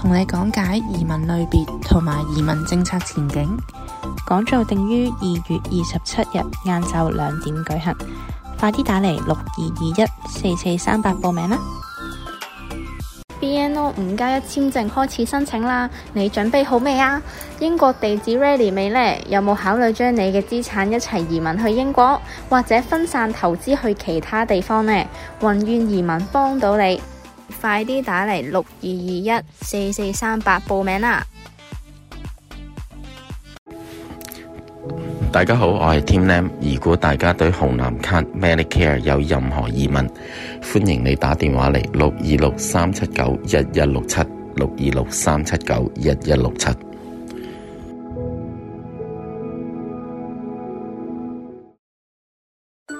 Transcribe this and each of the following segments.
同你講解移民類別同埋移民政策前景，講座定於二月二十七日晏晝兩點舉行，快啲打嚟六二二一四四三八報名啦！BNO 五加一簽證開始申請啦，你準備好未啊？英國地址 ready 未呢？有冇考慮將你嘅資產一齊移民去英國，或者分散投資去其他地方呢？宏願移民幫到你。快啲打嚟六二二一四四三八報名啦！大家好，我係 Tim Lam。如果大家對紅藍卡 Medicare 有任何疑問，歡迎你打電話嚟六二六三七九一一六七，六二六三七九一一六七。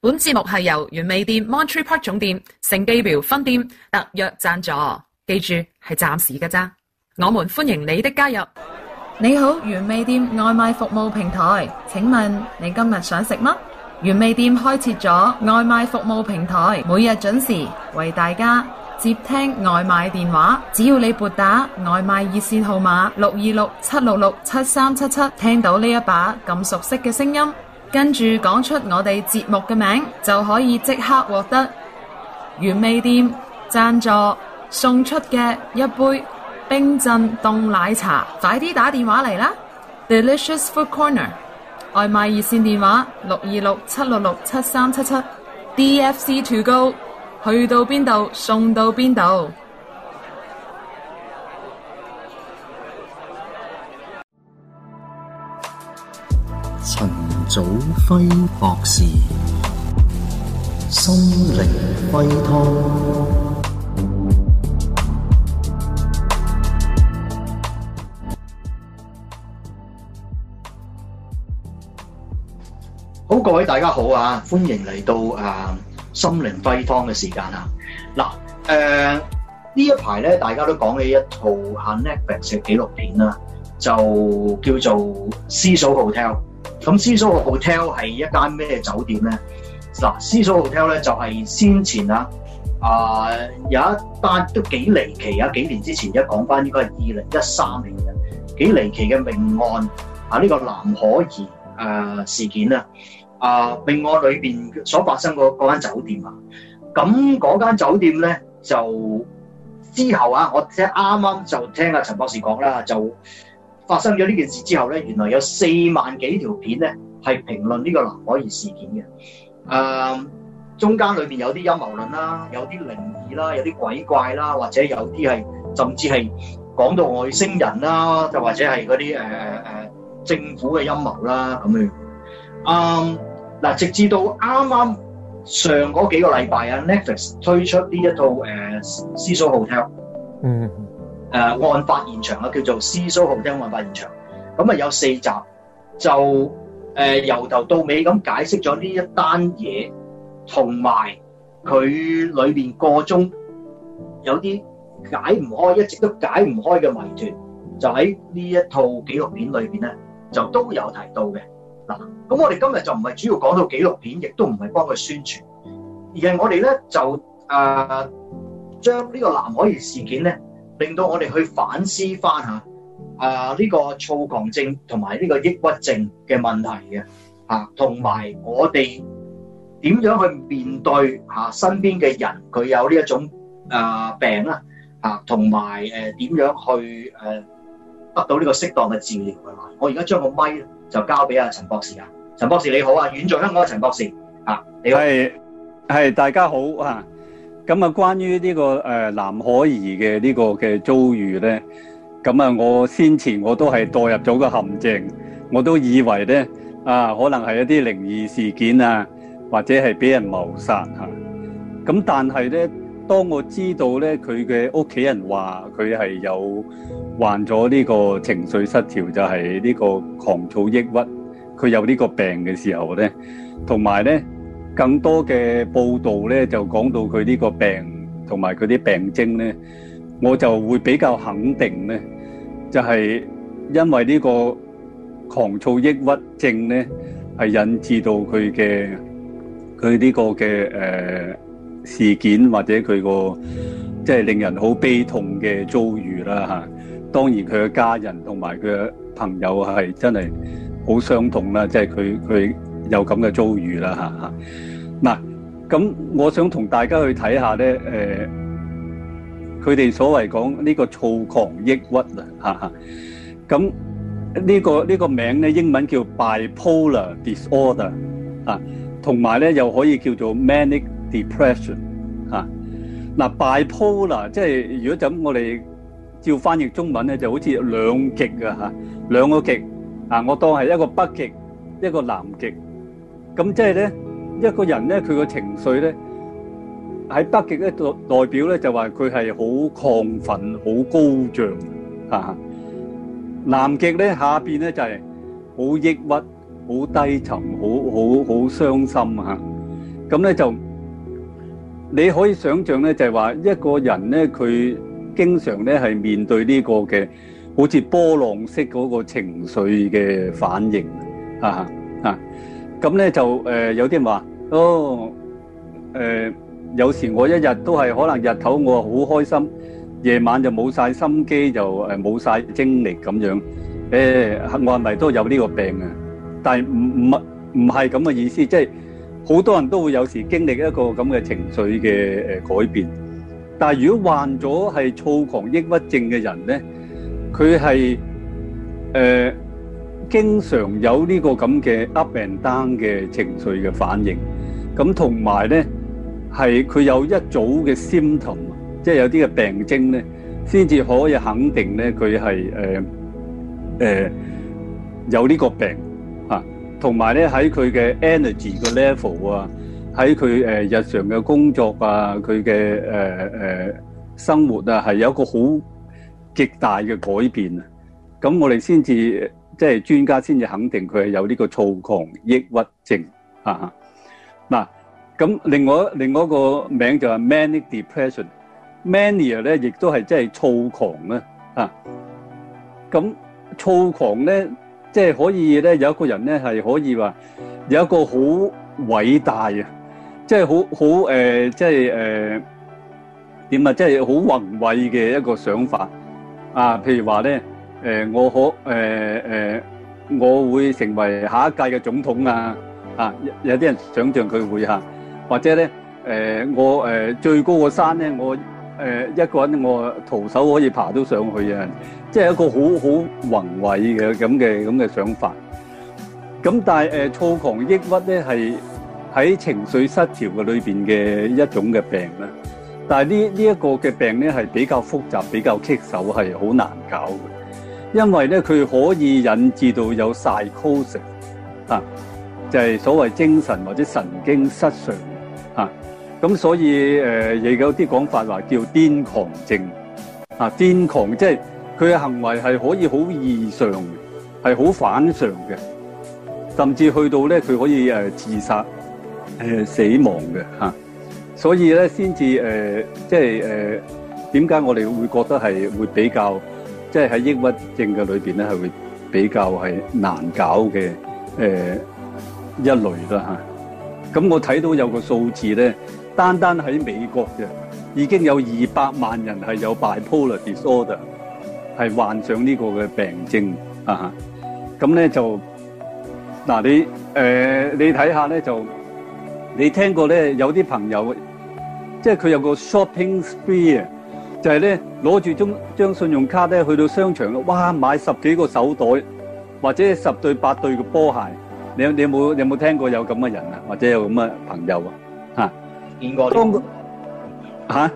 本節目係由原味店 Monterey Park 總店、盛記表分店特約讚助，記住係暫時嘅咋。我們歡迎你的加入。你好，原味店外賣服務平台，請問你今日想食乜？原味店開設咗外賣服務平台，每日準時為大家接聽外賣電話。只要你撥打外賣熱線號碼六二六七六六七三七七，7 7, 聽到呢一把咁熟悉嘅聲音。跟住講出我哋節目嘅名，就可以即刻獲得原味店贊助送出嘅一杯冰鎮凍奶茶。快啲打電話嚟啦！Delicious Food Corner 外賣熱線電話六二六七六六七三七七，DFC to go 去到邊度送到邊度。祖輝博士心靈雞湯。好，各位大家好啊，歡迎嚟到啊心靈雞湯嘅時間啊，嗱，誒呢一排咧，大家都講起一套吓 Netflix 紀錄片啦，就叫做 Cecil Hotel。咁 Cecil Hotel 係一間咩酒店咧？嗱、啊，Cecil Hotel 咧就係、是、先前啦，啊、呃、有一單都幾離奇啊！幾年之前，一講翻應該係二零一三年嘅幾離奇嘅命案啊！呢、這個藍可兒誒、呃、事件啦，啊、呃、命案裏邊所發生嗰嗰間酒店啊，咁嗰間酒店咧就之後啊，我聽啱啱就聽阿陳博士講啦，就。發生咗呢件事之後咧，原來有四萬幾條片咧係評論呢個藍可兒事件嘅。誒、嗯，中間裏邊有啲陰謀論啦，有啲靈異啦，有啲鬼怪啦，或者有啲係甚至係講到外星人啦，就或者係嗰啲誒誒政府嘅陰謀啦咁樣。誒，嗱，直至到啱啱上嗰幾個禮拜啊，Netflix 推出呢一套誒《Cecil Hotel》劇。嗯。誒，案發現場啊，叫做《斯蘇豪廳》案發現場。咁啊，有四集就誒，由頭到尾咁解釋咗呢一單嘢，同埋佢裏面個中有啲解唔開，一直都解唔開嘅謎團，就喺呢一套紀錄片裏面咧，就都有提到嘅。嗱，咁我哋今日就唔係主要講到紀錄片，亦都唔係幫佢宣傳，而係我哋咧就誒、呃，將呢個藍可兒事件咧。令到我哋去反思翻嚇，啊呢、這個躁狂症同埋呢個抑鬱症嘅問題嘅，嚇同埋我哋點樣去面對嚇、啊、身邊嘅人佢有呢一種誒、啊、病啦，嚇同埋誒點樣去誒、啊、得到呢個適當嘅治療嘅。我而家將個咪就交俾阿陳博士啊，陳博士你好啊，遠在香港嘅陳博士啊，你好，係，係大家好啊。咁啊，關於呢、這個誒、呃、藍可兒嘅呢個嘅遭遇咧，咁啊，我先前我都係墮入咗個陷阱，我都以為咧啊，可能係一啲靈異事件啊，或者係俾人謀殺吓。咁但係咧，當我知道咧佢嘅屋企人話佢係有患咗呢個情緒失調，就係、是、呢個狂躁抑鬱，佢有，有呢個病嘅時候咧，同埋咧。更多嘅報道咧，就講到佢呢個病同埋佢啲病徵咧，我就會比較肯定咧，就係、是、因為呢個狂躁抑鬱症咧，係引致到佢嘅佢呢個嘅誒、呃、事件或者佢個即係令人好悲痛嘅遭遇啦嚇、啊。當然佢嘅家人同埋佢嘅朋友係真係好傷痛啦，即係佢佢。有咁嘅遭遇啦，嗱、啊，咁我想同大家去睇下咧，呃，佢哋所謂講呢個躁狂抑鬱啊，嚇咁呢個呢、呢個名咧，英文叫 bipolar disorder 啊，同埋咧又可以叫做 manic depression 啊，嗱，啊，bipolar 即係如果就咁，我哋照翻譯中文咧就好似兩極啊，嚇兩個極啊，我當係一個北極，一個南極。咁即係咧，一個人咧，佢個情緒咧，喺北極咧代代表咧就話佢係好亢奮、好高漲啊。南極咧下邊咧就係好抑鬱、好低沉、好好好傷心啊。咁咧就你可以想象咧，就係話一個人咧，佢經常咧係面對呢個嘅好似波浪式嗰個情緒嘅反應啊啊。咁咧就誒有啲人話，哦、呃、有時我一日都係可能日頭我好開心，夜晚就冇晒心機，就誒冇晒精力咁樣。誒、呃、我係咪都有呢個病啊？但係唔唔唔係咁嘅意思，即係好多人都會有時經歷一個咁嘅情緒嘅誒改變。但係如果患咗係躁狂抑鬱症嘅人咧，佢係誒。呃經常有呢個咁嘅 up and down 嘅情緒嘅反應，咁同埋咧係佢有一組嘅 symptom，即係有啲嘅病徵咧，先至可以肯定咧佢係誒誒有呢個病嚇，同埋咧喺佢嘅 energy 嘅 level 啊，喺佢誒日常嘅工作啊，佢嘅誒誒生活啊，係有一個好極大嘅改變啊，咁我哋先至。即係專家先至肯定佢係有呢個躁狂抑鬱症啊！嗱，咁另外另外一個名就係 manic depression，mania 咧亦都係即係躁狂啊！啊，咁躁狂咧，即係可以咧，有一個人咧係可以話有一個好偉大嘅，即係好好誒，即係誒點啊，即係好宏偉嘅一個想法啊！譬如話咧。誒、呃、我可誒誒、呃呃，我會成為下一屆嘅總統啊！啊，有啲人想像佢會嚇，或者咧誒、呃、我誒、呃、最高嘅山咧，我誒、呃、一個人我徒手可以爬到上去啊！即係一個好好宏偉嘅咁嘅咁嘅想法。咁但係誒、呃、躁狂抑鬱咧，係喺情緒失調嘅裏邊嘅一種嘅病啦。但係呢呢一個嘅病咧，係比較複雜，比較棘手，係好難搞嘅。因為咧，佢可以引致到有 psychosis 啊，就係、是、所謂精神或者神經失常啊。咁所以誒，亦、呃、有啲講法話叫癲狂症啊，癲狂即係佢嘅行為係可以好異常，係好反常嘅，甚至去到咧佢可以、呃、自殺、呃、死亡嘅嚇、啊。所以咧先至誒，即係誒點解我哋會覺得係會比較？即係喺抑鬱症嘅裏邊咧，係會比較係難搞嘅，誒、呃、一類啦嚇。咁、啊、我睇到有個數字咧，單單喺美國嘅已，已經有二百萬人係有 bipolar disorder 係患上呢個嘅病症啊。咁咧就嗱、啊、你誒、呃、你睇下咧就你聽過咧有啲朋友即係佢有個 shopping spree 啊。就係咧，攞住張張信用卡咧，去到商場啊，哇！買十幾個手袋，或者十對八對嘅波鞋。你有你有冇有冇聽過有咁嘅人啊？或者有咁嘅朋友啊？嚇，見過。嚇，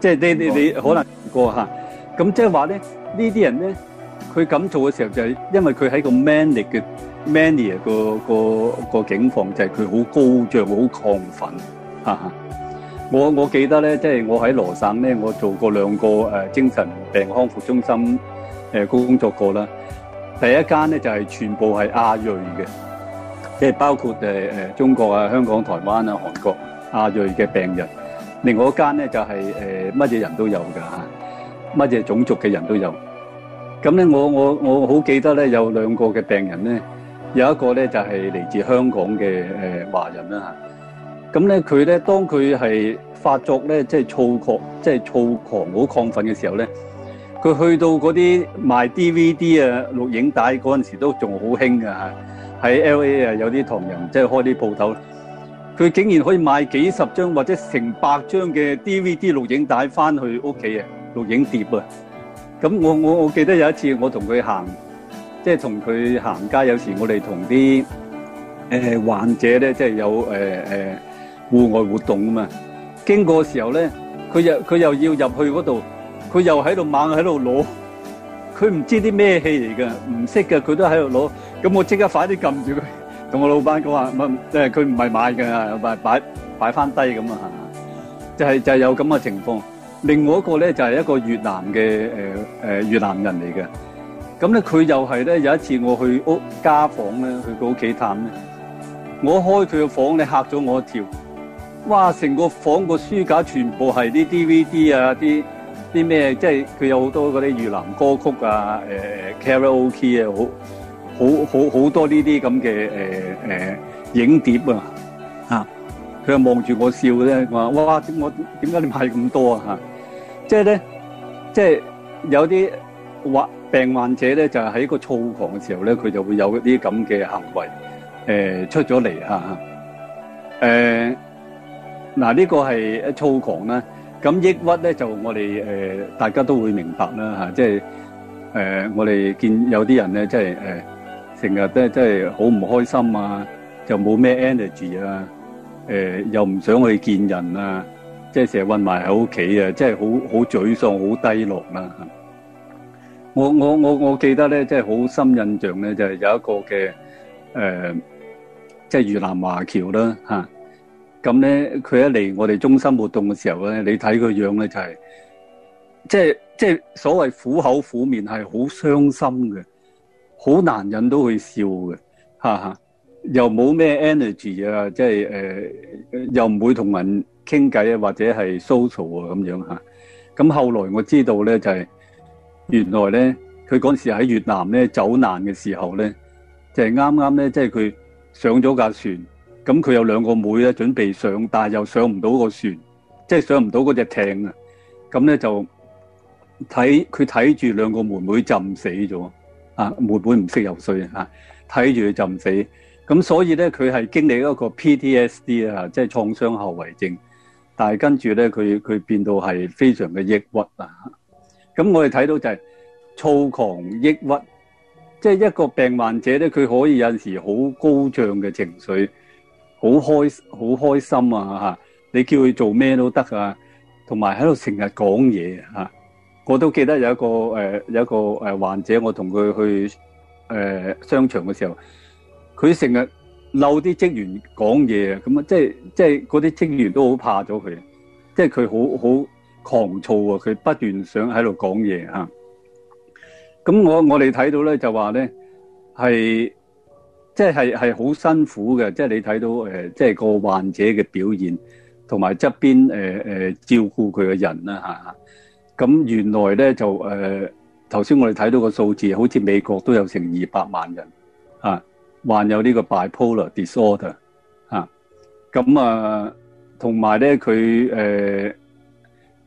即係你你你可能見過嚇。咁即係話咧，呢啲人咧，佢咁做嘅時候就係因為佢喺個 manic 嘅 mania 個個個境況，就係佢好高漲，好亢奮。嚇！我我記得咧，即係我喺羅省咧，我做過兩個誒精神病康復中心誒工作過啦。第一間咧就係全部係亞裔嘅，即係包括誒誒中國啊、香港、台灣啊、韓國亞裔嘅病人。另外一間咧就係誒乜嘢人都有噶吓，乜嘢種族嘅人都有。咁咧，我我我好記得咧，有兩個嘅病人咧，有一個咧就係嚟自香港嘅誒華人啦吓。咁咧，佢咧，當佢係發作咧，即係躁狂，即係躁狂好亢奮嘅時候咧，佢去到嗰啲賣 DVD 啊、錄影帶嗰陣時都仲好興噶嚇，喺 LA 啊有啲唐人即係開啲鋪頭，佢竟然可以賣幾十張或者成百張嘅 DVD 錄影帶翻去屋企啊，錄影碟啊。咁我我我記得有一次我同佢行，即係同佢行街，有時我哋同啲誒患者咧，即係有誒誒戶外活動嘛，經過嘅時候咧，佢又佢又要入去嗰度，佢又喺度猛喺度攞，佢唔知啲咩戲嚟噶？唔識噶，佢都喺度攞，咁我即刻快啲撳住佢，同我老闆講話，唔，誒佢唔係買噶，唔係擺擺翻低咁啊，就係就係有咁嘅情況。另外一個咧就係一個越南嘅誒誒越南人嚟嘅，咁咧佢又係咧有一次我去屋家訪咧，去佢屋企探咧，我開佢嘅房咧嚇咗我一跳。哇！成個房個書架全部係啲 DVD 啊，啲啲咩？即係佢有好多嗰啲越南歌曲啊，誒、呃、卡拉 OK 啊，好好好好多呢啲咁嘅誒誒影碟啊！嚇佢又望住我笑咧，我話：哇！點解我點解你買咁多啊？嚇、就是！即係咧，即係有啲患病患者咧，就係、是、喺個躁狂嘅時候咧，佢就會有啲咁嘅行為誒、呃、出咗嚟嚇誒。呃嗱，呢個係誒躁狂啦，咁抑鬱咧就我哋誒、呃、大家都會明白啦嚇，即係誒我哋見有啲人咧，即係誒成日咧即係好唔開心啊，就冇咩 energy 啊，誒、呃、又唔想去見人啊，即係成日鬱埋喺屋企啊，即係好好沮喪、好低落啦嚇。我我我我記得咧，即係好深印象咧，就係、是、有一個嘅誒，即、呃、係、就是、越南華僑啦嚇。啊咁咧，佢一嚟我哋中心活動嘅時候咧，你睇佢樣咧就係、是，即係即係所謂苦口苦面，係好傷心嘅，好難引到佢笑嘅，哈哈，又冇咩 energy 啊，即係誒，又唔會同人傾偈啊，或者係 social 啊咁樣吓。咁、啊、後來我知道咧就係、是，原來咧佢嗰時喺越南咧走難嘅時候咧，就係啱啱咧即係佢上咗架船。咁佢有兩個妹咧，準備上，但係又上唔到個船，即係上唔到嗰隻艇啊！咁咧就睇佢睇住兩個妹妹浸死咗啊！妹妹唔識游水啊，睇住佢浸死。咁所以咧，佢係經歷一個 PTSD 啊，即係創傷後遺症。但係跟住咧，佢佢變到係非常嘅抑鬱啊！咁我哋睇到就係躁狂抑鬱，即係一個病患者咧，佢可以有陣時好高漲嘅情緒。好開好開心啊！吓，你叫佢做咩都得啊，同埋喺度成日講嘢啊！我都記得有一個誒、呃，有一個誒患者，我同佢去誒、呃、商場嘅時候，佢成日嬲啲職員講嘢啊！咁啊、即係，即係即係嗰啲職員都好怕咗佢，即係佢好好狂躁啊！佢不斷想喺度講嘢啊！咁我我哋睇到咧就話咧係。.即係係好辛苦嘅，即係你睇到誒、呃，即係個患者嘅表現，同埋側邊誒誒照顧佢嘅人啦吓。咁、啊、原來咧就誒，頭、呃、先我哋睇到個數字，好似美國都有成二百萬人啊，患有呢個 bipolar disorder 啊。咁啊，同埋咧佢誒，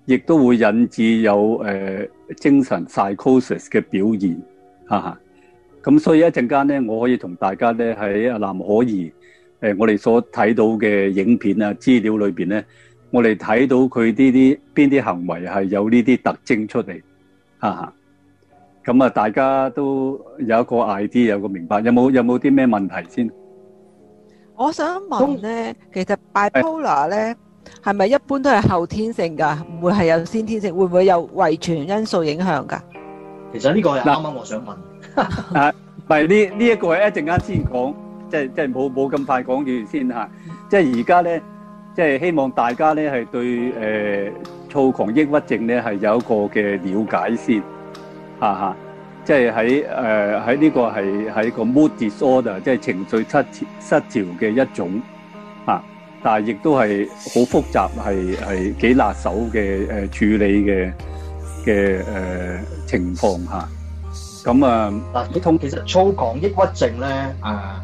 亦、呃、都會引致有誒、呃、精神 psychosis 嘅表現吓。啊。咁所以一陣間咧，我可以同大家咧喺阿藍可兒，誒，我哋所睇到嘅影片啊資料裏邊咧，我哋睇到佢呢啲邊啲行為係有呢啲特徵出嚟，吓，咁啊，大家都有一個 idea，有個明白，有冇有冇啲咩問題先？我想問咧，嗯、其實 bipolar 咧係咪一般都係後天性㗎？唔會係有先天性？會唔會有遺傳因素影響㗎？其實呢個啱啱我想問。 啊，唔係呢呢一個係一陣間先講，即係即係冇冇咁快講完先吓。即係而家咧，即係希望大家咧係對誒、呃、躁狂抑鬱症咧係有一個嘅了解先，吓、啊、吓。即係喺誒喺呢個係喺個 mood disorder，即係情緒失調嘅一種吓、啊，但係亦都係好複雜，係係幾辣手嘅誒處理嘅嘅誒情況、啊咁啊嗱，幾痛。其實躁狂抑鬱症咧，啊，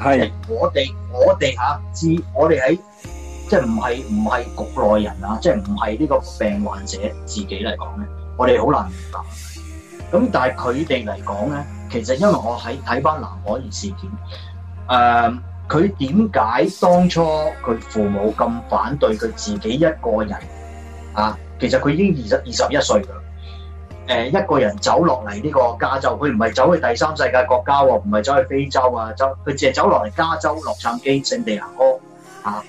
係我哋我哋嚇，至我哋喺即係唔係唔係局內人啊，即係唔係呢個病患者自己嚟講咧，我哋好難明白。咁但係佢哋嚟講咧，其實因為我喺睇翻藍可兒事件，誒，佢點解當初佢父母咁反對佢自己一個人啊？其實佢已經二十二十一歲㗎喇。誒一個人走落嚟呢個加州，佢唔係走去第三世界國家喎，唔係走去非洲，他只是啊，走佢淨係走落嚟加州洛杉磯聖地牙哥啊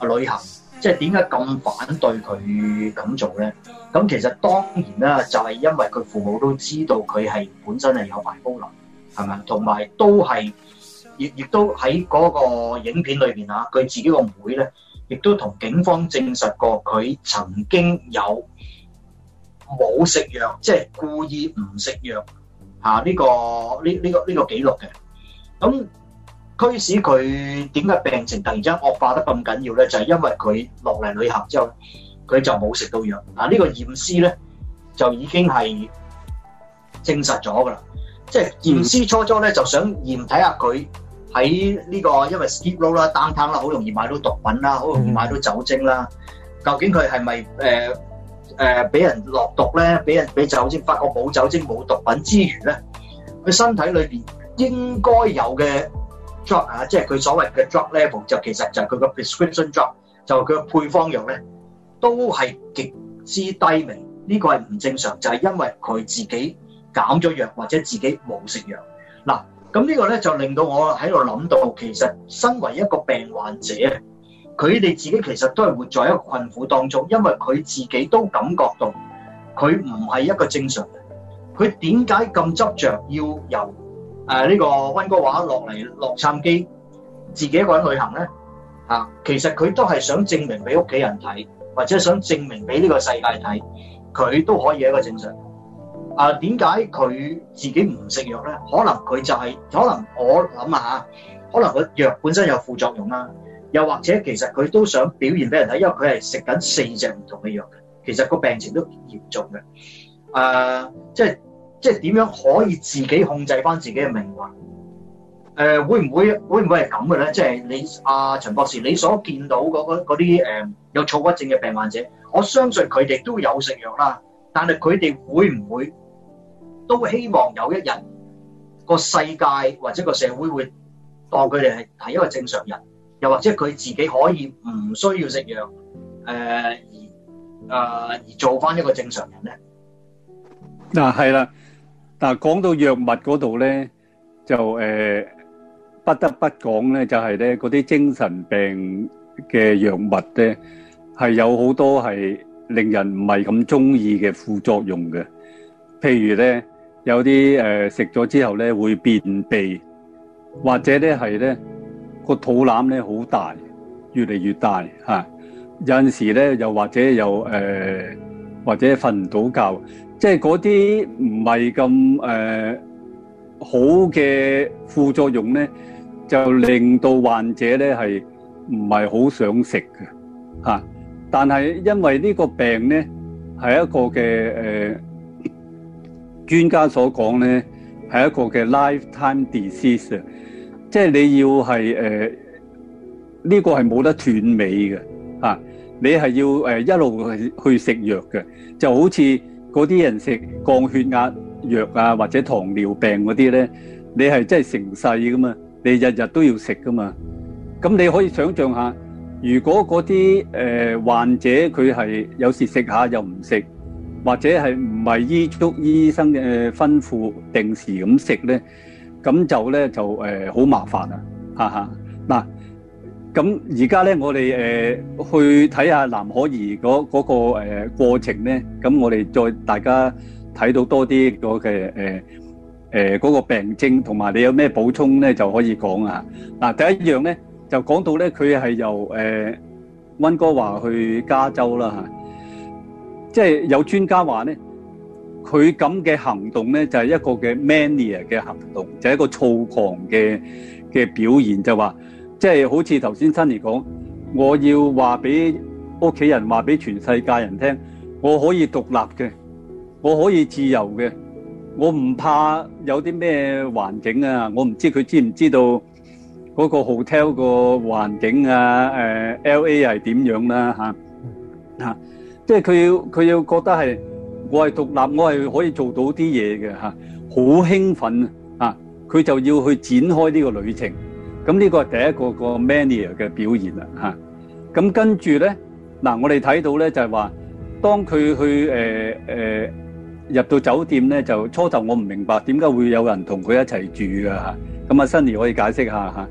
旅行，即係點解咁反對佢咁做咧？咁其實當然啦，就係、是、因為佢父母都知道佢係本身係有 bipolar，係咪？同埋都係，亦亦都喺嗰個影片裏邊啊，佢自己個妹咧，亦都同警方證實過佢曾經有。冇食藥，即係故意唔食藥嚇呢個呢呢個呢個記錄嘅。咁驅使佢點解病情突然之間惡化得咁緊要咧？就係因為佢落嚟旅行之後，佢就冇食到藥。嗱，呢個驗屍咧就已經係證實咗㗎啦。即係驗屍初初咧就想驗睇下佢喺呢個，因為 Skid Row 啦、down town 啦，好容易買到毒品啦，好容易買到酒精啦。嗯，究竟佢係咪誒俾、呃、人落毒咧，俾人俾酒精，發覺冇酒精、冇毒品之餘咧，佢身體裏邊應該有嘅 drug 啊，即係佢所謂嘅 drug level 就其實就係佢嘅 prescription drug，就佢嘅配方藥咧，都係極之低微，呢、呢個係唔正常，就係、係、因為佢自己減咗藥或者自己冇食藥。嗱，咁呢個咧就令到我喺度諗到，其實身為一個病患者。佢哋自己其實都係活在一個困苦當中，因為佢自己都感覺到佢唔係一個正常人。佢點解咁執着要由誒呢個温哥華落嚟洛杉磯自己一個人旅行咧？嚇，其實佢都係想證明俾屋企人睇，或者想證明俾呢個世界睇，佢都可以一個正常。啊，點解佢自己唔食藥咧？可能佢就係、是，可能我諗下，可能佢藥本身有副作用啦。又或者其實佢都想表現俾人睇，因為佢係食緊四隻唔同嘅藥，其實個病情都嚴重嘅。誒、呃，即係即係點樣可以自己控制返自己嘅命運？誒、呃，會唔會會唔會係咁嘅咧？即係你阿、啊、陳博士，你所見到嗰啲誒有躁鬱症嘅病患者，我相信佢哋都有食藥啦，但係佢哋會唔會都希望有一日個世界或者個社會會當佢哋係係一個正常人？又或者佢自己可以唔需要食藥，誒而誒而做翻一個正常人咧？嗱係啦，嗱講到藥物嗰度咧，就誒不得不講咧，就係咧嗰啲精神病嘅藥物咧，係有好多係令人唔係咁中意嘅副作用嘅。譬如咧有啲誒食咗之後咧會便秘，或者咧係咧。個肚腩咧好大，越嚟越大吓。有陣時咧，又或者又誒、呃，或者瞓唔到覺，即係嗰啲唔係咁誒好嘅副作用咧，就令到患者咧係唔係好想食嘅吓。但係因為呢個病咧係一個嘅誒專家所講咧係一個嘅 lifetime disease。即係你要係誒呢個係冇得斷尾嘅吓、啊，你係要誒、呃、一路去去食藥嘅，就好似嗰啲人食降血壓藥啊，或者糖尿病嗰啲咧，你係真係成世噶嘛，你日日都要食噶嘛。咁你可以想象下，如果嗰啲誒患者佢係有時食下又唔食，或者係唔係醫足醫生嘅吩咐定時咁食咧？咁就咧就誒好麻煩啊，吓吓嗱，咁而家咧我哋誒去睇下藍可兒嗰嗰個誒過程咧，咁我哋再大家睇到多啲個嘅誒誒嗰個病徵，同埋你有咩補充咧就可以講啊。嗱，第一樣咧就講到咧佢係由誒溫哥華去加州啦，吓，即係有專家話咧。佢咁嘅行動咧，就係、是、一個嘅 mania 嘅行動，就係、是、一個躁狂嘅嘅表現，就話即係好似頭先 Sunny 講，我要話俾屋企人話俾全世界人聽，我可以獨立嘅，我可以自由嘅，我唔怕有啲咩環境啊！我唔知佢知唔知道嗰個 hotel 個環境啊，呃、LA 係點樣啦，啊？即係佢要佢要覺得係。我係獨立，我係可以做到啲嘢嘅嚇，好興奮啊！佢就要去展開呢個旅程，咁呢個係第一個個 mania 嘅表現啦嚇。咁跟住咧，嗱我哋睇到咧就係話，當佢去誒誒入到酒店咧，就初頭我唔明白點解會有人同佢一齊住噶嚇。咁啊，辛尼可以解釋下嚇，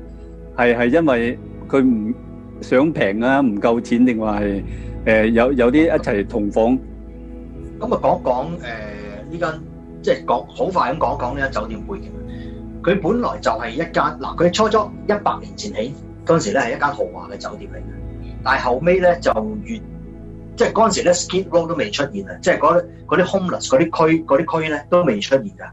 係係因為佢唔想平啊，唔夠錢定話係誒有有啲一齊同房。咁啊，講講誒呢間，即係講好快咁講講呢間酒店背景。佢本來就係一間嗱，佢初初一百年前起嗰陣時咧，係一間豪華嘅酒店嚟嘅。但係後尾咧就越，即係嗰陣時咧，Skid Row 都未出現啊，即係嗰啲 homeless、嗰啲區、嗰啲區咧都未出現㗎。誒、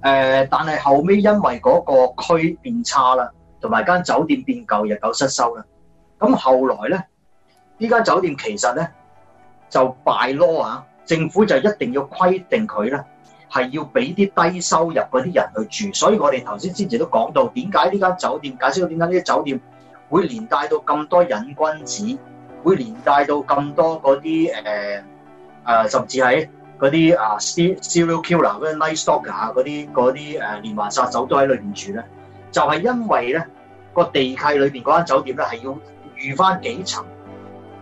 呃，但係後尾因為嗰個區變差啦，同埋間酒店變舊，日久失修啦。咁後來咧，呢間酒店其實咧就敗咯啊！政府就一定要規定佢咧，係要俾啲低收入嗰啲人去住。所以我哋頭先之前都講到，點解呢間酒店解釋到點解呢啲酒店會連帶到咁多隱君子，會連帶到咁多嗰啲誒啊，甚至係嗰啲啊 serial killer、嗰啲 night stalker、嗰啲嗰啲誒連環殺手都喺裏邊住咧，就係因為咧個地契裏邊嗰間酒店咧係要預翻幾層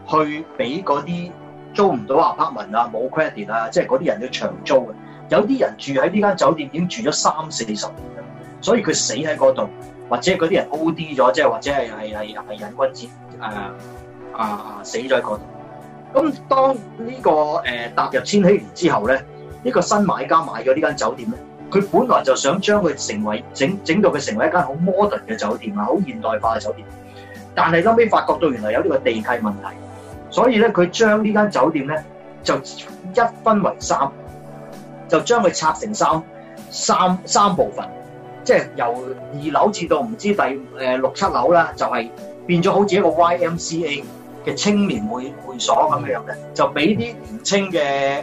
去俾嗰啲。租唔到啊，apartment 啊，冇 credit 啊，即係嗰啲人要長租嘅。有啲人住喺呢間酒店已經住咗三四十年啦，所以佢死喺嗰度，或者嗰啲人 O D 咗，即係或者係係係係癮君子誒啊啊死咗喺嗰度、這個。咁當呢個誒踏入千禧年之後咧，呢、這個新買家買咗呢間酒店咧，佢本來就想將佢成為整整到佢成為一間好 modern 嘅酒店啊，好現代化嘅酒店，但是，但係後尾發覺到原來有呢個地契問題。所以咧，佢將呢間酒店咧就一分為三，就將佢拆成三三三部分，即係由二樓至到唔知第誒六七樓啦，就係、是、變咗好似一個 YMCA 嘅青年會會所咁樣嘅、嗯呃呃，就俾啲年青嘅誒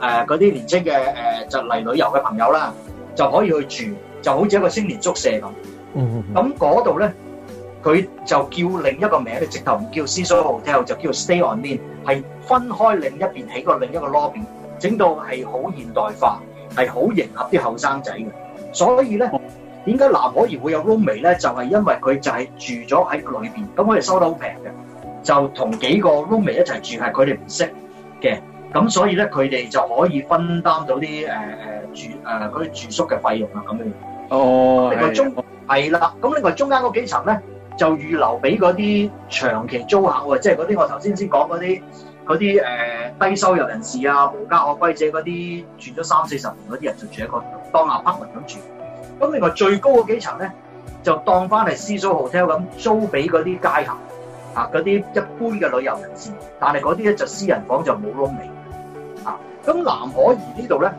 誒嗰啲年青嘅誒就嚟旅遊嘅朋友啦，就可以去住，就好似一個青年宿舍咁。嗯哼哼，咁嗰度咧。佢就叫另一個名，佢直頭唔叫 Cecil Hotel，就叫 Stay on Main，係分開另一邊起個另一個 lobby，整到係好現代化，係好迎合啲後生仔嘅。所以咧，點解藍可兒會有 roommate 咧？就係因為佢就係住咗喺裏邊，咁我哋收得好平嘅，就同幾個 roommate 一齊住，係佢哋唔識嘅，咁所以咧佢哋就可以分擔到啲誒誒住誒嗰啲住宿嘅費用啊咁樣。哦，係。係啦，咁另外中間嗰幾層咧。就預留俾嗰啲長期租客喎，即係嗰啲我頭先先講嗰啲啲誒低收入人士啊、無家可歸者嗰啲住咗三四十年嗰啲人就住喺嗰度，當阿黑文咁住。咁另外最高嗰幾層咧，就當翻係 Cecil hotel 咁租俾嗰啲街客啊，嗰啲一般嘅旅遊人士。但係嗰啲咧就私人房就冇 roommate 啊。咁藍可兒呢度咧，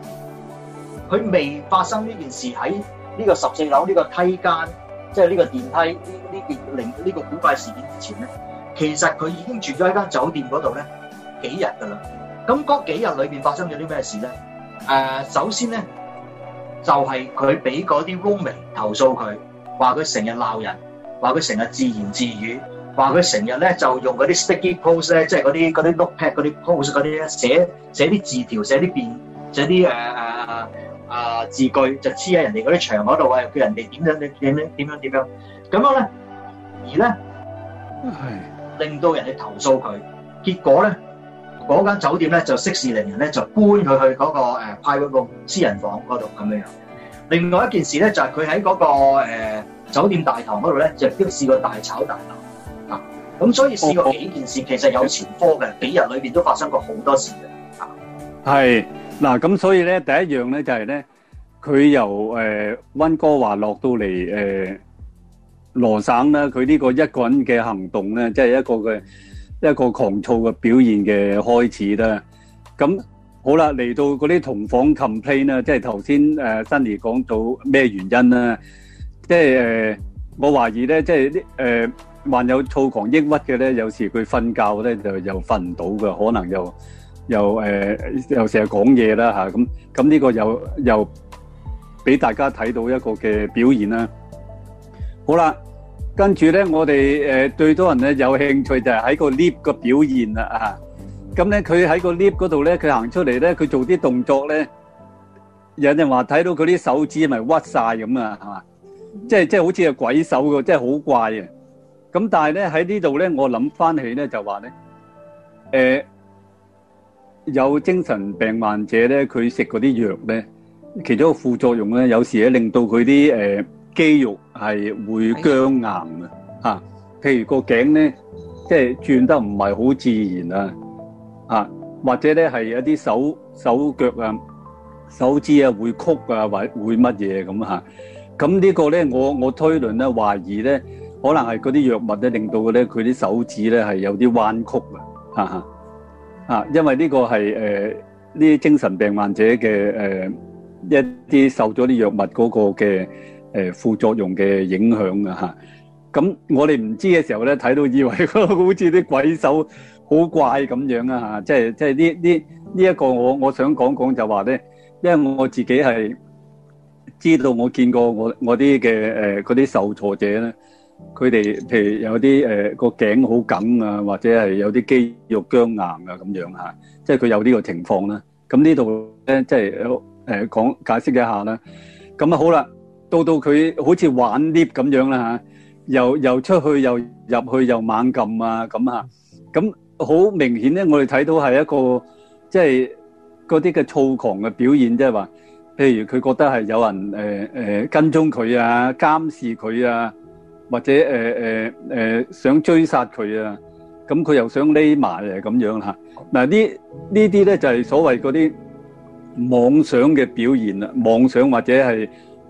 佢未發生呢件事喺呢個十四樓呢個梯間。即係呢個電梯呢呢件令呢個古怪事件之前咧，其實佢已經住咗喺間酒店嗰度咧幾日㗎啦。咁嗰幾日裏邊發生咗啲咩事咧？誒，首先咧就係佢俾嗰啲 roommate 投訴佢，話佢成日鬧人，話佢成日自言自語，話佢成日咧就用嗰啲 sticky post 咧，即係嗰啲嗰啲 note pad 嗰啲 post 嗰啲咧，寫寫啲字條，寫啲辯，寫啲誒誒。啊字句就黐喺人哋嗰啲牆嗰度啊，叫人哋點樣點點樣點樣點樣咁樣咧，而咧唉 令到人哋投訴佢，結果咧嗰間酒店咧就息事寧人咧就搬佢去嗰、嗰個、呃、private room 私人房嗰度咁樣樣。另外一件事咧就係佢喺嗰個、呃、酒店大堂嗰度咧就試過大吵大鬧啊，咁所以試過幾件事，哦、其實有前科嘅，幾日裏面都發生過好多事嘅啊，係。嗱，咁所以咧，第一樣咧就係咧，佢由誒温哥華落到嚟誒羅省啦，佢呢個一個人嘅行動咧，即係一個嘅一個狂躁嘅表現嘅開始啦。咁好啦，嚟到嗰啲同房 complain 咧，即係頭先誒辛尼講到咩原因咧？即係誒，我懷疑咧，即係啲誒患有躁狂抑鬱嘅咧，有時佢瞓覺咧就又瞓唔到噶，可能又。又誒又成日講嘢啦，嚇，咁，咁呢個又又俾大家睇到一個嘅表現啦。好啦，跟住咧我哋誒最多人咧有興趣就係喺個 lift 個表現啦，嚇。咁咧佢喺個 lift 嗰度咧，佢行出嚟咧，佢做啲動作咧，有人話睇到佢啲手指咪屈曬咁啊，係嘛？即係即係好似係鬼手嘅，即係好怪啊。咁但係咧喺呢度咧，我諗翻起咧就話咧誒。有精神病患者咧，佢食嗰啲藥咧，其中一個副作用咧，有時咧令到佢啲誒肌肉係會僵硬啊。啊，譬如個頸咧，即係轉得唔係好自然啊。啊，或者咧係有啲手手腳啊、手指啊會曲啊，或會乜嘢咁嚇。咁、啊、呢個咧，我我推論咧，懷疑咧，可能係嗰啲藥物咧，令到咧佢啲手指咧係有啲彎曲啊。啊，因為呢個係誒呢啲精神病患者嘅、誒、呃、一啲受咗啲藥物嗰個嘅、誒、呃、副作用嘅影響啊吓，咁我哋唔知嘅時候咧，睇到以為好似啲鬼手好怪咁樣啊吓，即係即係呢呢呢一個我我想講講就話咧，因為我自己係知道我見過我我啲嘅誒嗰啲受助者咧。佢哋譬如有啲誒個頸好緊啊，或者係有啲肌肉僵硬啊咁樣嚇，即係佢有呢個情況啦。咁呢度咧，即係誒講解釋一下啦。咁啊好啦，到到佢好似玩 lift 咁樣啦嚇，又又出去又入去又猛撳啊咁嚇，咁好明顯咧，我哋睇到係一個即係嗰啲嘅躁狂嘅表現，即係話，譬如佢覺得係有人誒誒跟蹤佢啊，監視佢啊。或者誒誒誒想追殺佢啊，咁佢又想匿埋嚟咁樣啦。嗱呢呢啲咧就係所謂嗰啲妄想嘅表現啊。妄想或者係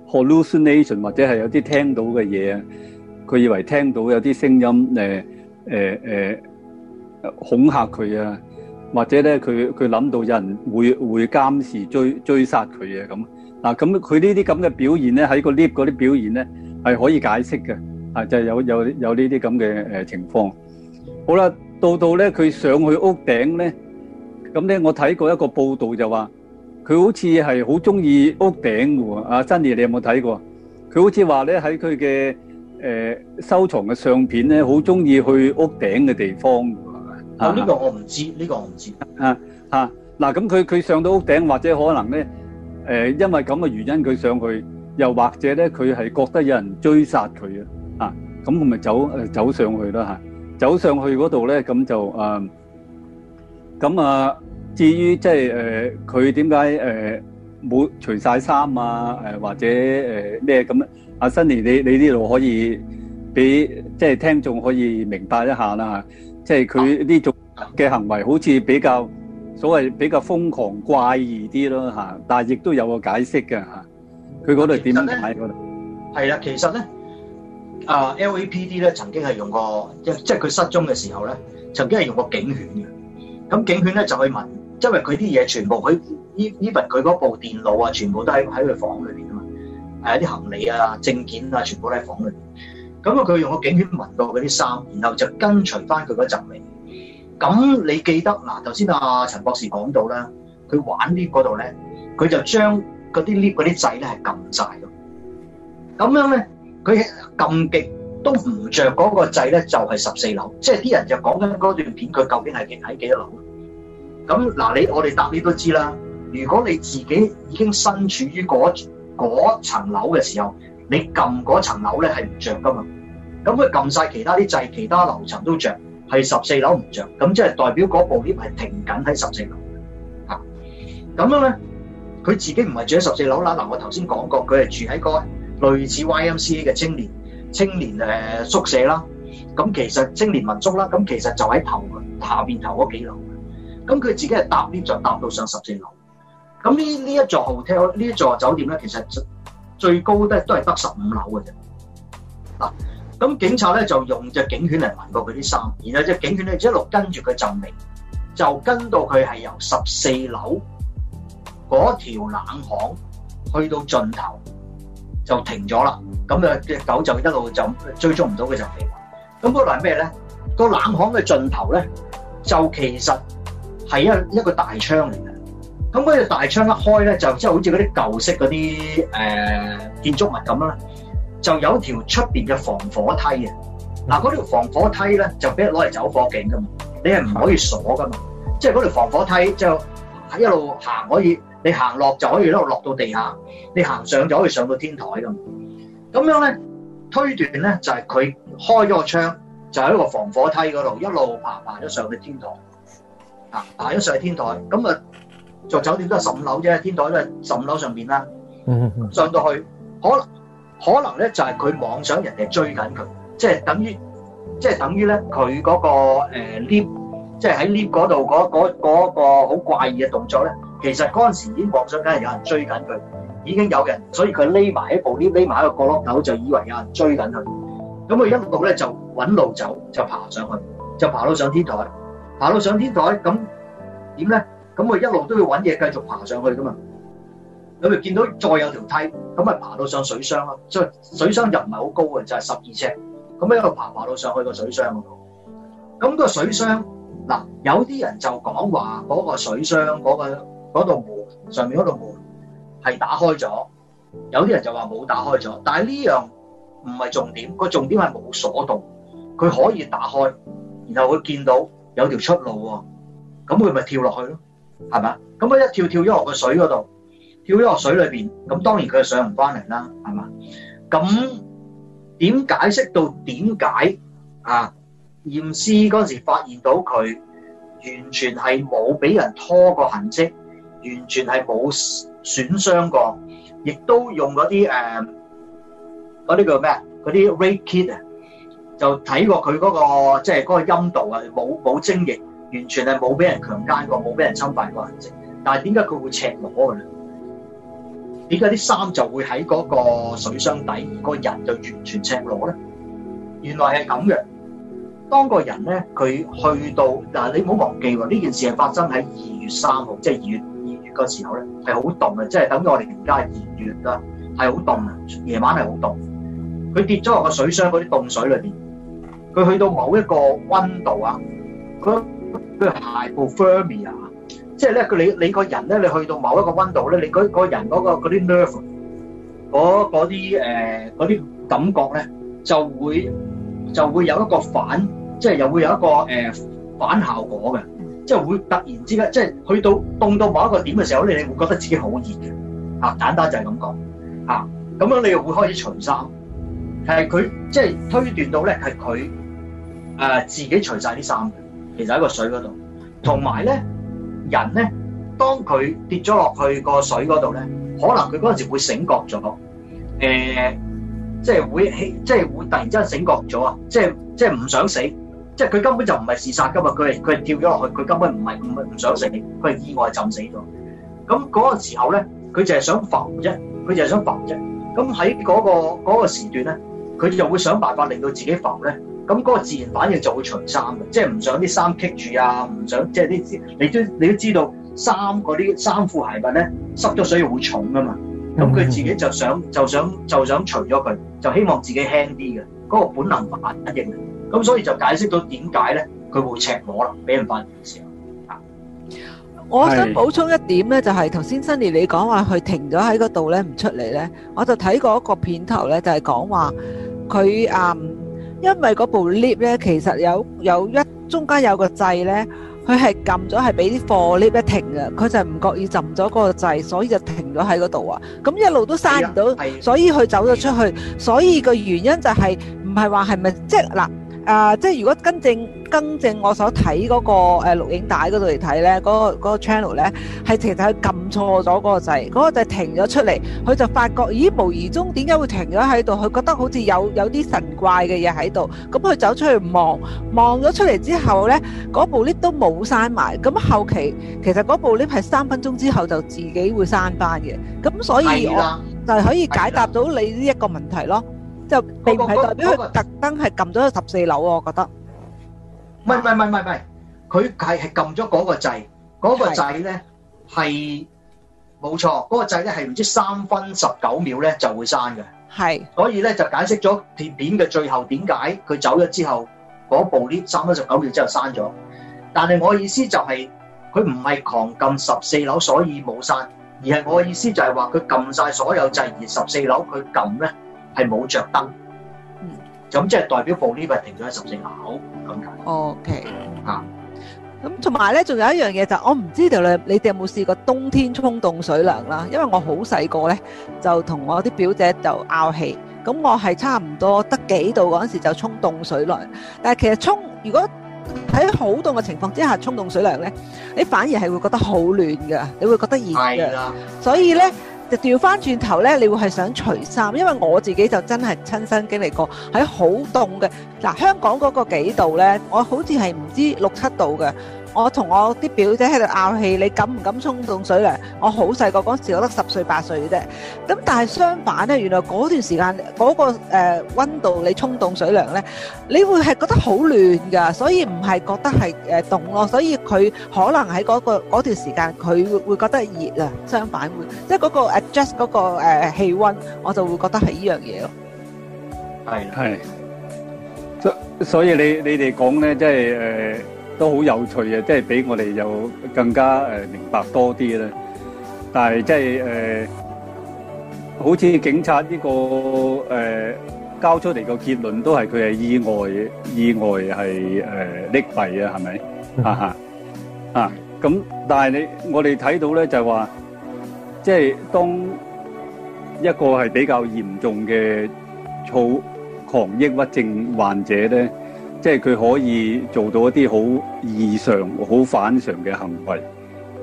hallucination，或者係有啲聽到嘅嘢，啊。佢以為聽到有啲聲音誒誒誒恐嚇佢啊，或者咧佢佢諗到有人會會監視追追殺佢啊咁。嗱咁佢呢啲咁嘅表現咧，喺個 lift 嗰啲表現咧係可以解釋嘅。啊！就有有有呢啲咁嘅誒情況。好啦，到到咧，佢上去屋頂咧，咁咧我睇過一個報道就話佢好似係好中意屋頂嘅喎。阿珍妮，你有冇睇過？佢好似話咧喺佢嘅誒收藏嘅相片咧，好中意去屋頂嘅地方㗎。啊！呢個我唔知，呢個我唔知啊啊！嗱，咁佢佢上到屋頂，或者可能咧誒，因為咁嘅原因佢上去，又或者咧佢係覺得有人追殺佢啊。啊，咁我咪走誒，走上去啦吓，走上去嗰度咧，咁就誒，咁啊，至於即係誒，佢點解誒冇除晒衫啊？誒或者誒咩咁咧？阿辛尼，你你呢度可以俾即係聽眾可以明白一下啦吓，即係佢呢種嘅行為好似比較所謂比較瘋狂怪異啲咯吓，但係亦都有個解釋嘅吓，佢嗰度點樣解？係啦裡，其實咧。啊、uh，L.A.P.D 咧曾經係用過即即係佢失蹤嘅時候咧，曾經係用過警犬嘅。咁警犬咧就去聞，因為佢啲嘢全部佢 even 佢嗰部電腦啊，全部都喺喺佢房裏邊啊嘛，係一啲行李啊、證件啊，全部都喺房裏。咁啊，佢用個警犬聞到嗰啲衫，然後就跟隨翻佢嗰陣味。咁你記得嗱，頭先阿陳博士講到啦，佢玩 lift 嗰度咧，佢就將嗰啲 lift 嗰啲掣咧係撳晒咁樣咧。佢撳極都唔著嗰個掣咧，就係十四樓。即係啲人就講緊嗰段片，佢究竟係停喺幾多樓？咁嗱，你我哋答你都知啦。如果你自己已經身處於嗰嗰層樓嘅時候，你撳嗰層樓咧係唔著㗎嘛？咁佢撳晒其他啲掣，其他樓層都著，係十四樓唔著。咁即係代表嗰部 lift 係停緊喺十四樓。嚇咁樣咧，佢自己唔係住喺十四樓啦。嗱，我頭先講過，佢係住喺個類似 YMCA 嘅青年青年誒宿舍啦，咁其實青年民宿啦，咁其實就喺頭下面頭嗰幾樓，咁佢自己係搭 lift 就搭到上十四樓，咁呢呢一座 hotel 呢一座酒店咧，其實最高都係都係得十五樓嘅啫。嗱，咁警察咧就用隻警犬嚟聞過佢啲衫，然後咧隻警犬咧一路跟住佢陣味，就跟到佢係由十四樓嗰條冷巷去到盡頭。就停咗啦，咁啊隻狗就一路就追蹤唔到佢就嚟。咁嗰度係咩咧？個冷巷嘅盡頭咧，就其實係一一個大窗嚟嘅。咁嗰隻大窗一開咧，就即係好似嗰啲舊式嗰啲誒建築物咁樣啦，就有條出邊嘅防火梯嘅。嗱，嗰條防火梯咧就俾人攞嚟走火警㗎嘛，你係唔可以鎖㗎嘛。即係嗰條防火梯就一路行可以，你行落就可以一路落到地下，你行上就可以上到天台咁。咁樣咧推斷咧就係佢開咗個窗，就喺個防火梯嗰度一路爬爬咗上去天台，啊爬咗上去天台咁啊，做酒店都係十五樓啫，天台都係十五樓上邊啦。 上到去，可能可能咧就係佢妄想人哋追緊佢，即係等於即係等於咧佢嗰個誒 lift、呃、 即係喺 lift 嗰度嗰個好、嗰個、怪異嘅動作咧。其實嗰陣時已經望上，梗係有人追緊佢，已經有人，所以佢匿埋喺部 lift，匿埋喺個角落口，就以為有人追緊佢。咁佢一路咧就揾路走，就爬上去，就爬到上天台，爬到上天台咁點咧？咁佢一路都要揾嘢繼續爬上去噶嘛。咁佢見到再有條梯，咁咪爬到上水箱咯。所以水箱又唔係好高嘅，就係十二尺。咁一路爬爬到上去個水箱嗰度。咁個水箱嗱，有啲人就講話嗰個水箱嗰個嗰度門上面嗰度門係打開咗，有啲人就話冇打開咗。但係呢樣唔係重點，個重點係冇鎖到，佢可以打開，然後佢見到有條出路喎，咁佢咪跳落去咯，係咪？咁佢一跳跳咗落個水嗰度，跳咗落水裏邊，咁當然佢係上唔翻嚟啦，係嘛？咁點解釋到點解啊？驗屍嗰陣時發現到佢完全係冇俾人拖過痕跡。完全係冇損傷過，亦都用嗰啲誒嗰啲叫咩啊？嗰啲 Ray Kit 啊、那個，就睇過佢嗰個即係嗰個陰道啊，冇冇精液，完全係冇俾人強姦過，冇俾人侵犯過痕跡。但係點解佢會赤裸嘅咧？點解啲衫就會喺嗰個水箱底，而個人就完全赤裸咧？原來係咁嘅。當個人咧，佢去到嗱，你唔好忘記喎，呢件事係發生喺二月三號，即係二月。個時候咧係好凍嘅，即係等於我哋而家係二月啦，係好凍嘅，夜晚係好凍。佢跌咗落個水箱嗰啲凍水裏面，佢去到某一個溫度啊，佢佢係叫 Fermi 啊，即係咧佢你你個人咧，你去到某一個溫度咧，你嗰個人嗰個嗰啲 nerve 嗰嗰啲誒嗰啲感覺咧就會就會有一個反，即係又會有一個誒反效果嘅。即係會突然之間，即係去到凍到某一個點嘅時候咧，你會覺得自己好熱嘅，啊簡單就係咁講，啊咁樣你又會開始除衫，係佢即係推斷到咧係佢誒自己除晒啲衫嘅，其實喺個水嗰度，同埋咧人咧，當佢跌咗落去個水嗰度咧，可能佢嗰陣時會醒覺咗，誒即係會起，即係會，會突然之間醒覺咗啊！即係即係唔想死。即係佢根本就唔係自殺噶嘛，佢係佢係跳咗落去，佢根本唔係唔係唔想死，佢係意外浸死咗。咁嗰個時候咧，佢就係想浮啫，佢就係想浮啫。咁喺嗰個嗰個時段咧，佢就會想辦法令到自己浮咧。咁嗰個自然反應就會除衫嘅，即係唔想啲衫棘住啊，唔想即係啲你都你都知道衫嗰啲衫褲鞋襪咧濕咗水會重噶嘛。咁佢自己就想就想就想除咗佢，就希望自己輕啲嘅嗰個本能反應。咁所以就解釋到點解咧，佢會赤裸啦，俾人發現嘅時候啊。我想補充一點咧，就係頭先 Sunny 你講話佢停咗喺嗰度咧，唔出嚟咧，我就睇過一個片頭咧，就係講話佢誒，因為嗰部 lift 咧，其實有有一中間有個掣咧，佢係撳咗，係俾啲貨 lift 一停啊，佢就係唔覺意撳咗嗰個掣，所以就停咗喺嗰度啊。咁一路都閂唔到，所以佢走咗出去。所以個原因就係唔係話係咪即嗱？啊，即係如果更正、更正我所睇嗰個誒錄影帶嗰度嚟睇咧，嗰個嗰個 channel 咧係其實佢撳錯咗嗰個掣，嗰個掣停咗出嚟，佢就發覺，咦，無意中點解會停咗喺度？佢覺得好似有有啲神怪嘅嘢喺度，咁佢走出去望望咗出嚟之後咧，嗰部 lift 都冇閂埋，咁後期其實嗰部 lift 係三分鐘之後就自己會閂返嘅，咁所以就係可以解答到你呢一個問題咯。就並唔係代表佢特登係撳咗十四樓喎，我覺得。唔係唔係唔係唔係，佢係係撳咗嗰個掣，嗰個掣咧係冇錯，嗰個掣咧係唔知三分十九秒咧就會刪嘅。係，所以咧就解釋咗貼片嘅最後點解佢走咗之後嗰部呢三分十九秒之後刪咗。但係我嘅意思就係佢唔係狂撳十四樓，所以冇刪，而係我嘅意思就係話佢撳曬所有掣，而十四樓佢撳咧。係冇著燈，咁即係代表部 lift 停咗喺十四樓咁解。O K，嚇，咁同埋咧，仲有一樣嘢就我唔知道你你哋有冇試過冬天沖凍水涼啦？因為我好細個咧，就同我啲表姐就拗氣，咁我係差唔多得幾度嗰陣時就沖凍水涼，但係其實沖如果喺好凍嘅情況之下沖凍水涼咧，你反而係會覺得好暖噶，你會覺得熱嘅，所以咧。就調翻轉頭呢，你會係想除衫，因為我自己就真係親身經歷過，喺好凍嘅嗱香港嗰個幾度呢。我好似係唔知六七度嘅。我同我啲表姐喺度拗氣，你敢唔敢沖凍水涼？我好細個嗰時，我得十歲八歲啫。咁但係相反咧，原來嗰段時間嗰個誒温度，你沖凍水涼咧，你會係覺得好暖㗎，所以唔係覺得係誒凍咯。所以佢可能喺嗰個嗰段時間，佢會覺得熱啊。相反會，即係嗰個 adjust 嗰個誒氣温，我就會覺得係呢樣嘢咯。係係，所所以你你哋講咧，即係誒。都好有趣啊！即係俾我哋又更加誒明白多啲咧。但係即係誒，好似警察呢個誒交出嚟個結論都係佢係意外，意外係誒溺斃啊？係咪？啊哈啊！咁但係你我哋睇到咧就係話，即係當一個係比較嚴重嘅躁狂抑鬱症患者咧。即係佢可以做到一啲好異常、好反常嘅行為，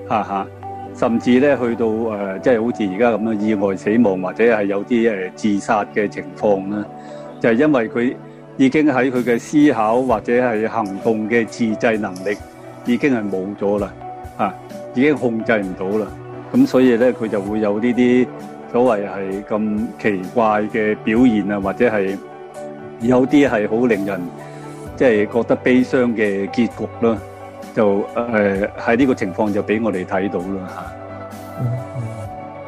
嚇嚇，甚至咧去到誒，即係好似而家咁啦，意外死亡或者係有啲誒自殺嘅情況啦，就係因為佢已經喺佢嘅思考或者係行動嘅自制能力已經係冇咗啦，啊，已經控制唔到啦，咁所以咧佢就會有呢啲所謂係咁奇怪嘅表現啊，或者係有啲係好令人。即係覺得悲傷嘅結局咯，就誒喺呢個情況就俾我哋睇到啦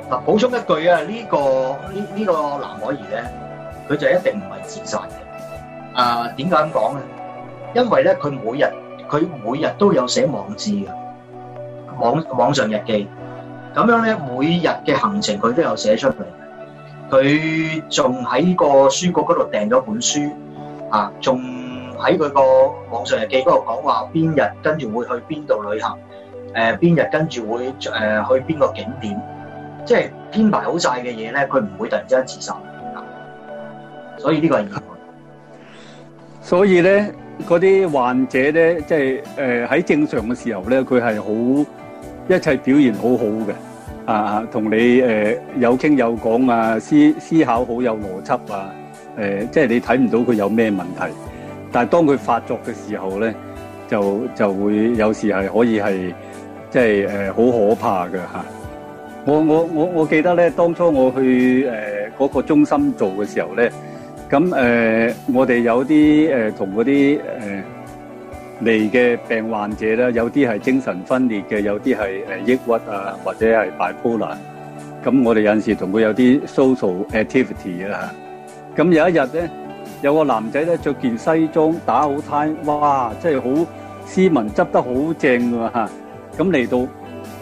吓。補充一句啊，呢個呢呢個藍可兒咧，佢就一定唔係自殺嘅。啊，點解咁講咧？因為咧佢每日佢每日都有寫網誌嘅網網上日記，咁樣咧每日嘅行程佢都有寫出嚟。佢仲喺個書局嗰度訂咗本書啊，仲。喺佢個網上日記嗰度講話，邊日跟住會去邊度旅行？誒，邊日跟住會誒去邊個景點？即係編排好晒嘅嘢咧，佢唔會突然之間自殺，所以呢個係意外。所以咧，嗰啲患者咧，即係誒喺正常嘅時候咧，佢係好一切表現好好嘅啊，同你誒、呃、有傾有講啊，思思考好有邏輯啊，誒、呃，即係你睇唔到佢有咩問題。但係當佢發作嘅時候咧，就就會有時係可以係即係誒好可怕嘅嚇。我我我我記得咧，當初我去誒嗰、呃那個中心做嘅時候咧，咁誒、呃、我哋有啲誒同嗰啲誒嚟嘅病患者咧，有啲係精神分裂嘅，有啲係誒抑鬱啊，或者係 bipolar。咁我哋有陣時同佢有啲 social activity 啊。咁有一日咧。有個男仔咧着件西裝打好 tie，哇，真係好斯文，執得好正㗎嘛！咁嚟到，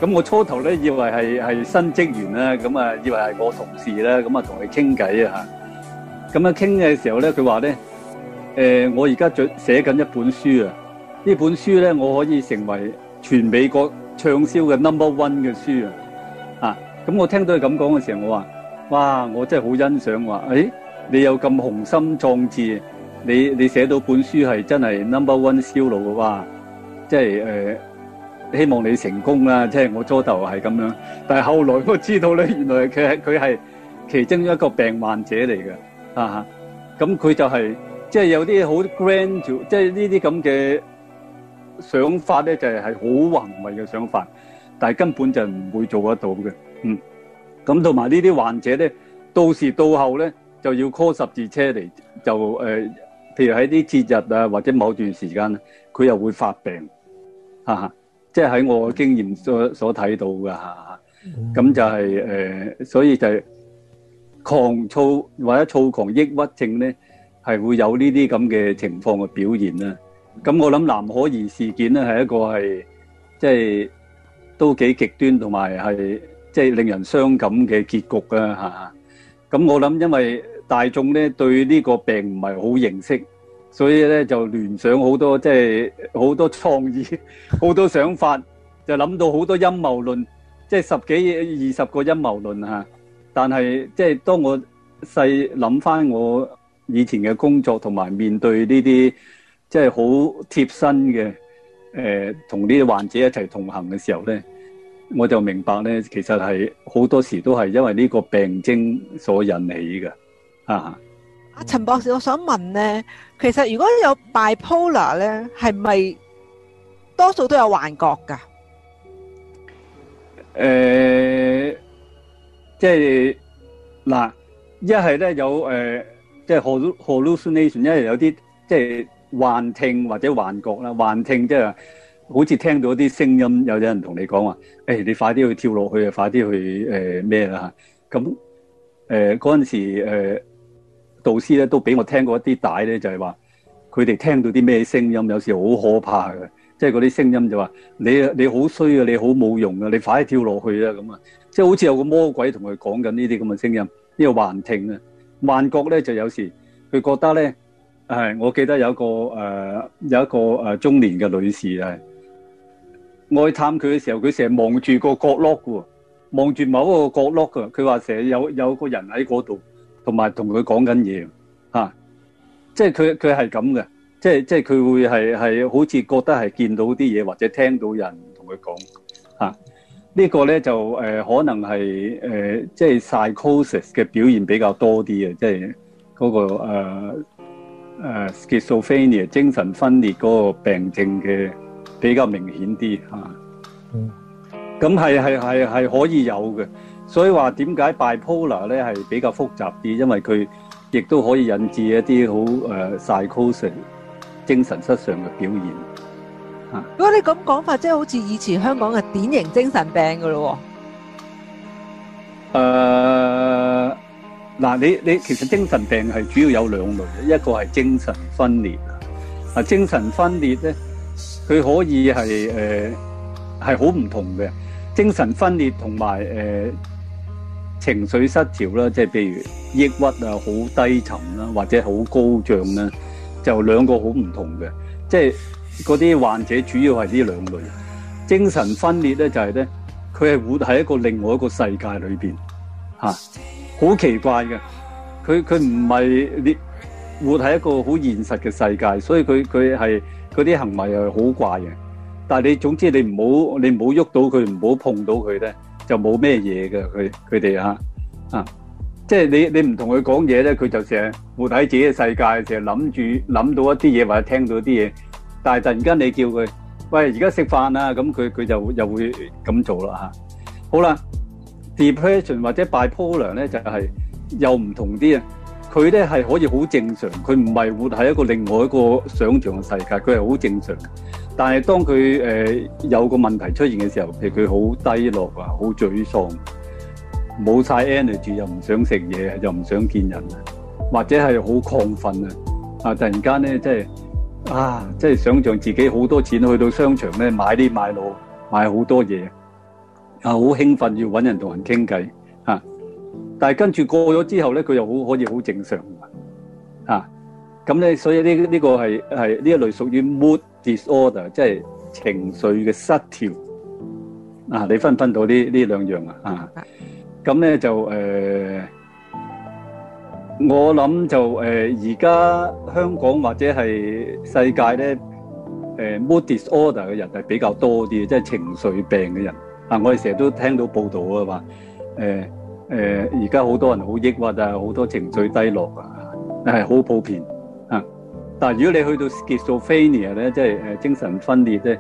咁我初頭咧以為係係新職員啦，咁啊以為係我同事啦，咁啊同佢傾偈啊。咁啊傾嘅時候咧，佢話咧，誒，我而家著寫緊一本書啊，呢本書咧我可以成為全美國暢銷嘅 number one 嘅書啊！啊，咁我聽到佢咁講嘅時候，我話：哇，我真係好欣賞啊！誒。你有咁雄心壯志，你你寫到本書係真係 number one 銷路嘅話，即係誒、呃、希望你成功啦！即係我初頭係咁樣，但係後來我知道咧，原來佢係佢係其中一個病患者嚟嘅啊！咁佢就係、是、即係有啲好 grand，即係呢啲咁嘅想法咧，就係、是、好宏偉嘅想法，但係根本就唔會做得到嘅。嗯，咁同埋呢啲患者咧，到時到後咧。就要 call 十字車嚟，就誒、呃，譬如喺啲節日啊，或者某段時間，佢又會發病，嚇、啊，即係喺我嘅經驗所所睇到嘅嚇，咁、啊、就係、是、誒、呃，所以就係狂躁或者躁狂抑鬱症咧，係會有呢啲咁嘅情況嘅表現啦。咁我諗藍可兒事件咧，係一個係即係都幾極端同埋係即係令人傷感嘅結局啊嚇。咁我諗，因為大眾咧對呢個病唔係好認識，所以咧就聯想好多，即係好多創意，好多想法，就諗到好多陰謀論，即係十幾、二十個陰謀論吓。但係即係當我細諗翻我以前嘅工作，同埋面對呢啲即係好貼身嘅，誒、呃，同呢啲患者一齊同行嘅時候咧。我就明白咧，其實係好多時都係因為呢個病徵所引起嘅，啊！阿陳博士，我想問咧，其實如果有 bipolar 咧，係咪多數都有幻覺噶？誒、呃，即係嗱，一係咧有誒，即係 hallucination，一係有啲即係幻聽或者幻覺啦，幻聽即係。好似聽到一啲聲音，有啲人同你講話，誒、哎，你快啲去跳落去，點去、呃、啊！快啲去誒咩啦？嚇、呃！咁誒嗰陣時誒、呃，導師咧都俾我聽過一啲帶咧，就係話佢哋聽到啲咩聲音，有時好可怕嘅，即係嗰啲聲音就話你你好衰啊，你好冇用啊，你快啲跳落去啊！咁啊，即、就、係、是、好似有個魔鬼同佢講緊呢啲咁嘅聲音，呢、這個幻聽啊，幻覺咧就有時佢覺得咧係、呃，我記得有一個誒、呃、有一個誒中年嘅女士係。我去探佢嘅時候，佢成日望住個角落嘅，望住某一個角落嘅。佢話成日有有個人喺嗰度，同埋同佢講緊嘢嚇。即係佢佢係咁嘅，即係即係佢會係係好似覺得係見到啲嘢，或者聽到人同佢講嚇。啊，這個、呢個咧就誒、呃、可能係誒、呃、即係 psychosis 嘅表現比較多啲嘅，即係嗰、那個誒、啊啊、schizophrenia 精神分裂嗰個病症嘅。比較明顯啲嚇，嗯，咁係係係係可以有嘅，所以話點解 bipolar 咧係比較複雜啲，因為佢亦都可以引致一啲好誒 psychosis 精神失常嘅表現嚇。如果你咁講法，即係好似以前香港嘅典型精神病嘅咯喎。誒，嗱，你你其實精神病係主要有兩類，一個係精神分裂啊，精神分裂咧。佢可以係誒係好唔同嘅精神分裂同埋誒情緒失調啦，即係譬如抑鬱啊，好低沉啦，或者好高漲咧，就兩個好唔同嘅。即係嗰啲患者主要係呢兩類。精神分裂咧就係、係、咧，佢係活喺一個另外一個世界裏邊嚇，好、啊、奇怪嘅。佢佢唔係活喺一個好現實嘅世界，所以佢佢係。嗰啲行為又係好怪嘅，但係你總之你唔好你唔好喐到佢，唔好碰到佢咧，就冇咩嘢嘅佢佢哋嚇啊！即係你你唔同佢講嘢咧，佢就成日活喺自己嘅世界，成日諗住諗到一啲嘢或者聽到啲嘢，但係突然間你叫佢喂，而家食飯啦，咁佢佢就又會咁做啦嚇。好啦，Depression 或者 bipolar 咧就係又唔同啲啊。佢咧係可以好正常，佢唔係活喺一個另外一個想像嘅世界，佢係好正常。但係當佢誒、呃、有個問題出現嘅時候，譬如佢好低落啊，好沮喪，冇晒 energy 又唔想食嘢，又唔想，想見人，或者係好亢奮啊！啊，突然間咧，即係啊，即係想像自己好多錢去到商場咧，買啲買攞買好多嘢啊，好興奮要揾人同人傾偈。但係跟住過咗之後咧，佢又好可以好正常嘅，咁、啊、咧，所以呢呢、呢個係呢一類屬於 mood disorder，即係情緒嘅失調。啊，你分唔分到呢呢兩樣啊？啊，咁咧就誒、呃，我諗就誒，而、呃、家香港或者係世界咧，誒、呃、mood disorder 嘅人係比較多啲，即係情緒病嘅人。啊，我哋成日都聽到報道啊，話、呃誒，而家好多人好抑鬱啊，好多情緒低落啊，係好普遍啊。但係如果你去到 schizophrenia 咧，即係誒精神分裂咧，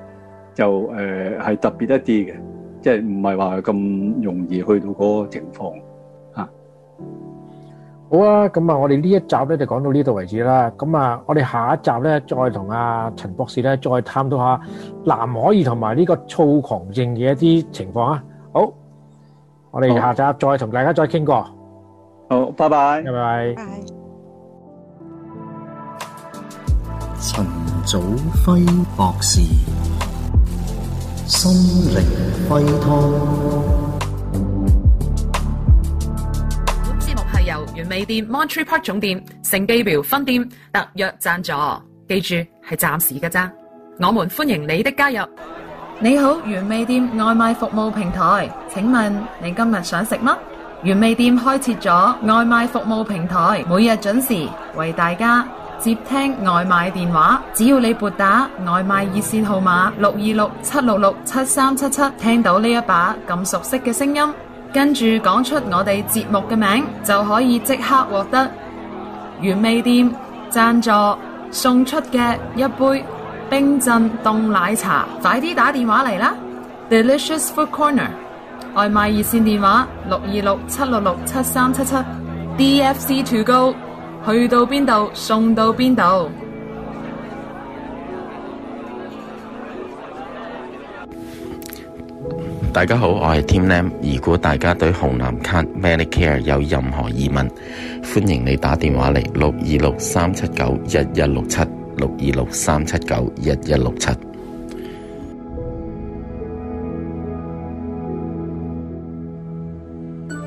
就誒係、呃、特別一啲嘅，即係唔係話咁容易去到嗰個情況啊。好啊，咁啊，我哋呢一集咧就講到呢度為止啦。咁啊，我哋下一集咧再同阿陳博士咧再探討下藍可兒同埋呢個躁狂症嘅一啲情況啊。我哋下集再同大家再傾過。好，好拜拜，拜拜。陳 Bye. 祖輝博士，心靈雞湯。本節目係由完美店 Monterey Park 總店、盛記廟分店特約贊助，記住係暫時嘅咋，我們歡迎你的加入。你好，原味店外賣服務平台，請問你今日想食乜？原味店開設咗外賣服務平台，每日準時為大家接聽外賣電話。只要你撥打外賣熱線號碼六二六七六六七三七七，7 7, 聽到呢一把咁熟悉嘅聲音，跟住講出我哋節目嘅名，就可以即刻獲得原味店贊助送出嘅一杯。冰鎮凍奶茶，快啲打電話嚟啦！Delicious Food Corner 外賣熱線電話六二六七六六七三七七，D F C To Go 去到邊度送到邊度？大家好，我係 Tim Lam。如果大家對紅藍卡 Medicare 有任何疑問，歡迎你打電話嚟六二六三七九一一六七。六二六三七九一一六七。